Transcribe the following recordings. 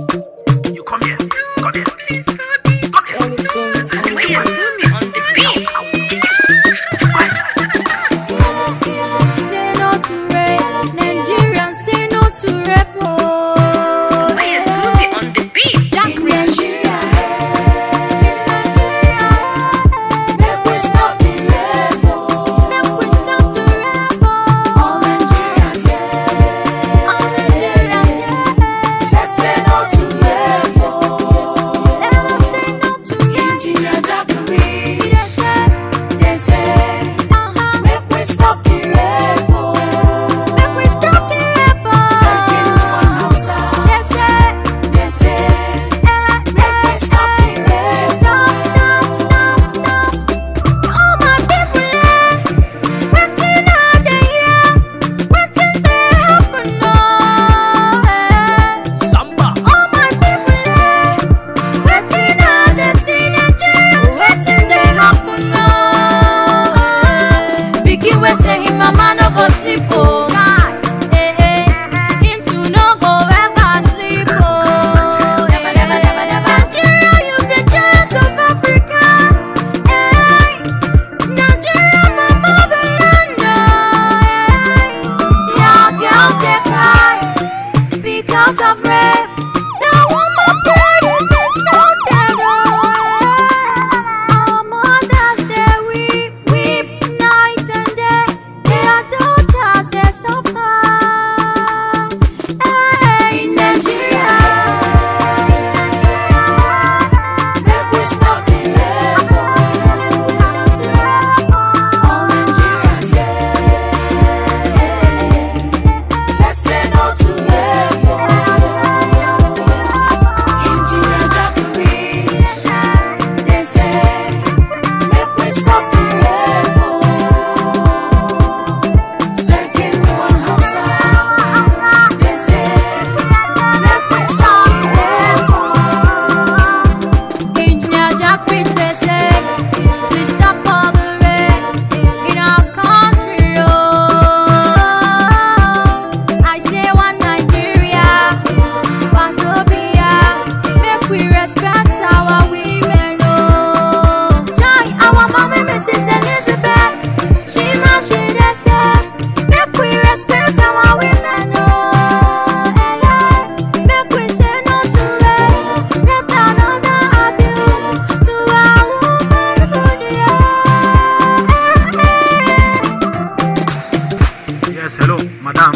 You come here. Come here. Say no to rape. Nigerian. say no to rape. mama no go sleep oh.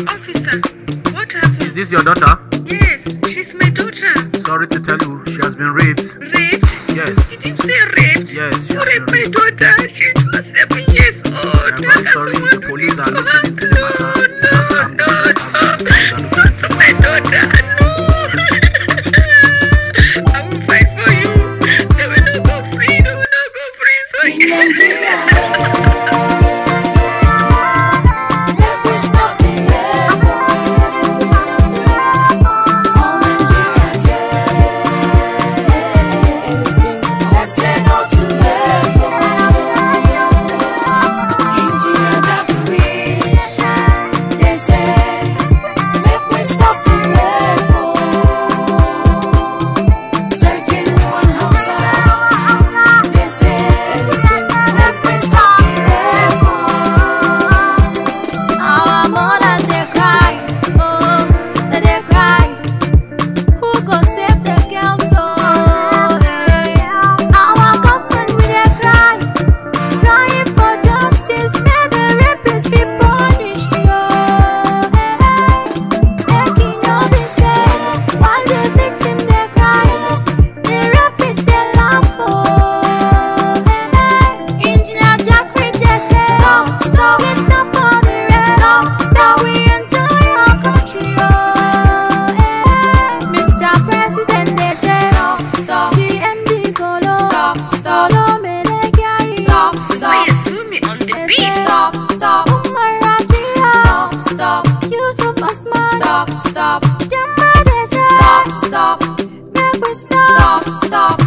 Officer, what happened? Is this your daughter? Yes, she's my daughter. Sorry to tell you, she has been raped. Raped? Yes. Did you say raped? Yes. You raped my daughter. She was seven years old. I'm How sorry. The police are looking into the matter. No, no, no. Not to my daughter. Nigeria. stop, stop. Your stop, stop. stop, stop, stop.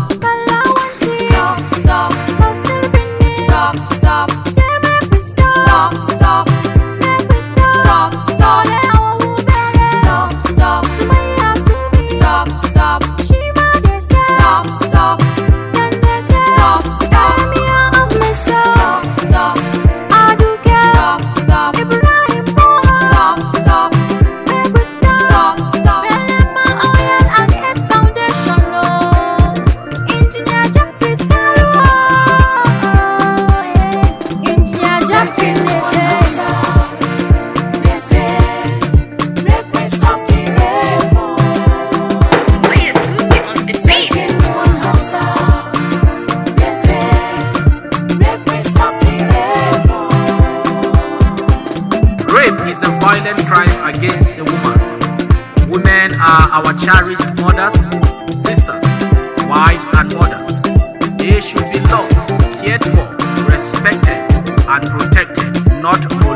are our cherished mothers, sisters, wives and mothers. They should be loved, cared for, respected and protected, not